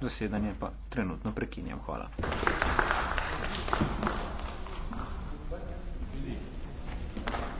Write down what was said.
Zasedanje pa trenutno prekinjam. Hvala.